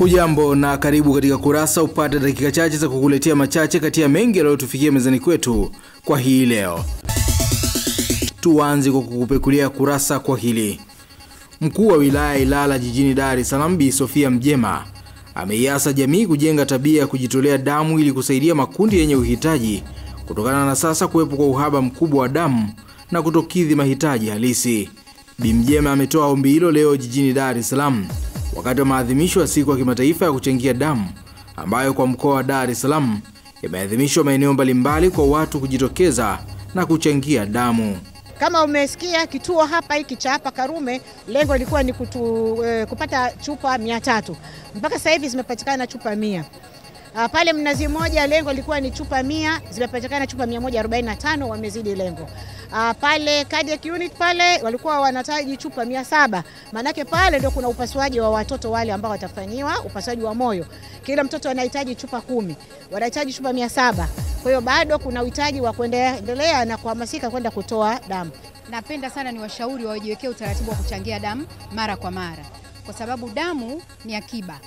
Hujambo na karibu katika Kurasa, upate dakika chache za kukuletea machache kati ya mengi yaliyotufikia mezani kwetu kwa hii leo. Tuanze kwa kukupekulia kurasa kwa hili. Mkuu wa wilaya Ilala jijini Dar es Salaam Bi Sofia Mjema ameiasa jamii kujenga tabia ya kujitolea damu ili kusaidia makundi yenye uhitaji kutokana na sasa kuwepo kwa uhaba mkubwa wa damu na kutokidhi mahitaji halisi. Bi Mjema ametoa ombi hilo leo jijini Dar es Salaam wakati wa maadhimisho ya siku ya kimataifa ya kuchangia damu ambayo kwa mkoa wa Dar es Salaam yameadhimishwa maeneo mbalimbali kwa watu kujitokeza na kuchangia damu. Kama umesikia kituo hapa hiki cha hapa Karume, lengo lilikuwa ni kutu, eh, kupata chupa mia tatu mpaka sasa hivi zimepatikana chupa mia. Ah, pale Mnazi Mmoja lengo lilikuwa ni chupa mia, zimepatikana chupa 145 wamezidi lengo. Ah, pale cardiac unit pale walikuwa wanataji chupa mia saba. Maanake pale ndio kuna upasuaji wa watoto wale ambao watafanyiwa upasuaji wa moyo. Kila mtoto anahitaji chupa kumi. Wanahitaji chupa mia Kwa hiyo bado kuna uhitaji wa kuendelea na kuhamasika kwenda kutoa damu. Napenda sana ni washauri wajiwekee utaratibu wa kuchangia damu mara kwa mara, kwa sababu damu ni akiba.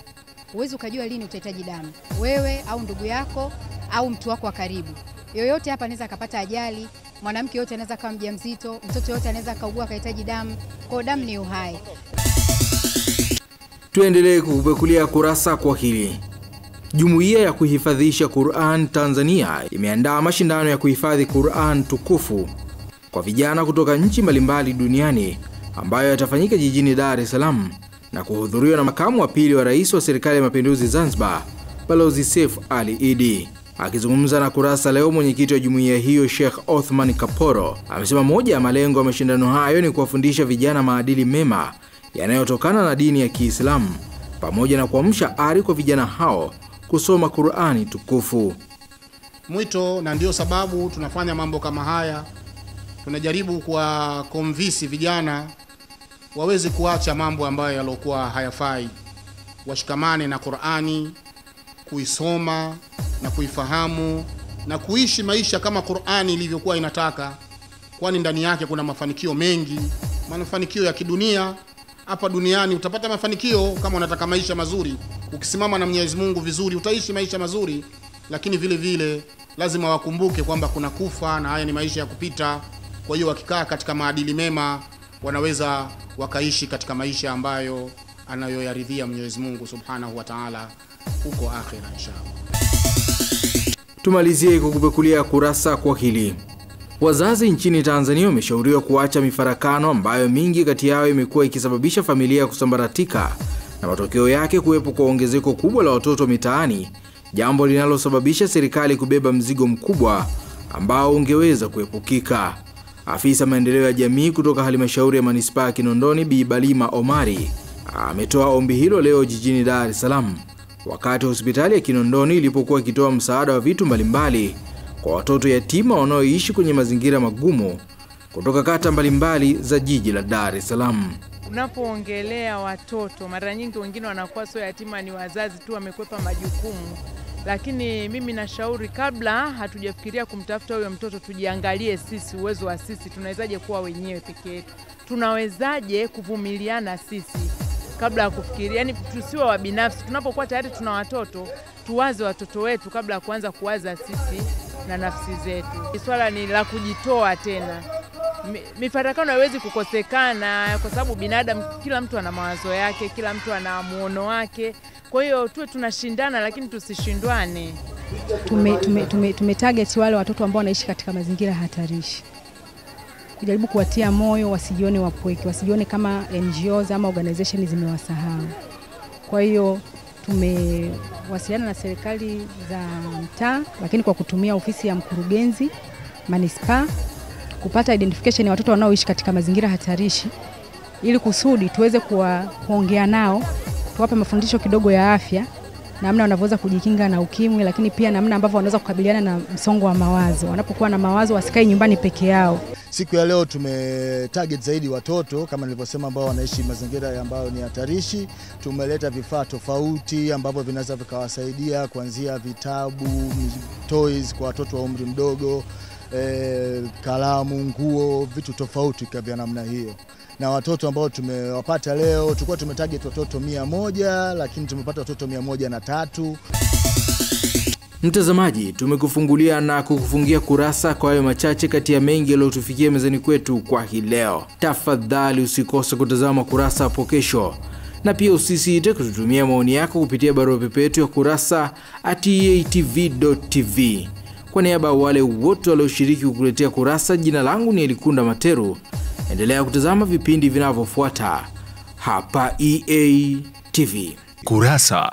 Huwezi ukajua lini utahitaji damu, wewe au ndugu yako au mtu wako wa karibu. Yoyote hapa anaweza akapata ajali, mwanamke yote anaweza akawa mjamzito, mtoto yote anaweza akaugua akahitaji damu. Kwa damu ni uhai. Tuendelee kukupekulia kurasa kwa hili. Jumuiya ya kuhifadhisha Qur'an Tanzania imeandaa mashindano ya kuhifadhi Qur'an tukufu kwa vijana kutoka nchi mbalimbali duniani ambayo yatafanyika jijini Dar es Salaam na kuhudhuriwa na makamu wa pili wa rais wa serikali ya mapinduzi Zanzibar, Balozi Sef Ali Idi. Akizungumza na Kurasa Leo, mwenyekiti wa jumuiya hiyo Sheikh Othman Kaporo amesema moja ya malengo ya mashindano hayo ni kuwafundisha vijana maadili mema yanayotokana na dini ya Kiislamu pamoja na kuamsha ari kwa vijana hao kusoma Qur'ani tukufu. Mwito, na ndiyo sababu tunafanya mambo kama haya, tunajaribu kuwakomvisi vijana waweze kuacha mambo ambayo yaliokuwa hayafai, washikamane na Qur'ani, kuisoma na kuifahamu na kuishi maisha kama Qur'ani ilivyokuwa inataka, kwani ndani yake kuna mafanikio mengi, mafanikio ya kidunia. Hapa duniani utapata mafanikio kama unataka maisha mazuri, ukisimama na Mwenyezi Mungu vizuri, utaishi maisha mazuri, lakini vile vile lazima wakumbuke kwamba kuna kufa na haya ni maisha ya kupita. Kwa hiyo wakikaa katika maadili mema wanaweza wakaishi katika maisha ambayo anayoyaridhia Mwenyezi Mungu Subhanahu wa Ta'ala huko akhira inshaallah. Tumalizie kukupekulia kurasa kwa hili. Wazazi nchini Tanzania wameshauriwa kuacha mifarakano ambayo mingi kati yao imekuwa ikisababisha familia kusambaratika na matokeo yake kuwepo kwa ongezeko kubwa la watoto mitaani, jambo linalosababisha serikali kubeba mzigo mkubwa ambao ungeweza kuepukika. Afisa maendeleo ya jamii kutoka halmashauri ya manispaa ya Kinondoni Bi Balima Omari ametoa ombi hilo leo jijini Dar es Salaam wakati hospitali ya Kinondoni ilipokuwa ikitoa msaada wa vitu mbalimbali kwa watoto yatima wanaoishi kwenye mazingira magumu kutoka kata mbalimbali za jiji la Dar es Salaam. Unapoongelea watoto, mara nyingi wengine wanakuwa sio yatima, ni wazazi tu wamekwepa majukumu lakini mimi nashauri kabla hatujafikiria kumtafuta huyo mtoto, tujiangalie sisi, uwezo wa sisi, tunawezaje kuwa wenyewe peke yetu, tunawezaje kuvumiliana sisi kabla ya kufikiria, yani tusiwe wa binafsi. Tunapokuwa tayari tuna watoto, tuwaze watoto wetu kabla ya kuanza kuwaza sisi na nafsi zetu. Swala ni la kujitoa tena. Mifarakano haiwezi kukosekana, kwa sababu binadamu, kila mtu ana mawazo yake, kila mtu ana muono wake. Kwa hiyo tuwe tunashindana lakini tusishindwane. Tume, tume, tume, tume target wale watoto ambao wanaishi katika mazingira hatarishi kujaribu kuwatia moyo wasijione wapweke, wasijione kama NGOs ama organization zimewasahau. Kwa hiyo tumewasiliana na serikali za mtaa, lakini kwa kutumia ofisi ya mkurugenzi manispaa kupata identification ya watoto wanaoishi katika mazingira hatarishi, ili kusudi tuweze kuongea nao tuwape mafundisho kidogo ya afya, namna wanavyoweza kujikinga na ukimwi, lakini pia namna ambavyo wanaweza kukabiliana na msongo wa mawazo. Wanapokuwa na mawazo, wasikae nyumbani peke yao. Siku ya leo target zaidi watoto kama nilivyosema, ambao wanaishi mazingira ambayo ni hatarishi. Tumeleta vifaa tofauti ambavyo vinaweza vikawasaidia, kuanzia vitabu, toys kwa watoto wa umri mdogo, eh, kalamu, nguo, vitu tofauti vya namna hiyo na watoto ambao tumewapata leo, tulikuwa tumetarget watoto mia moja lakini tumepata watoto mia moja na tatu. Mtazamaji, tumekufungulia na kukufungia kurasa kwa hayo machache kati ya mengi yaliyotufikia mezani kwetu kwa hii leo. Tafadhali usikose kutazama kurasa hapo kesho, na pia usisite kututumia maoni yako kupitia barua pepe yetu ya kurasa at e Kwa niaba ya wale wote walioshiriki kukuletea kurasa, jina langu ni Elikunda Materu. Endelea kutazama vipindi vinavyofuata hapa EA TV. Kurasa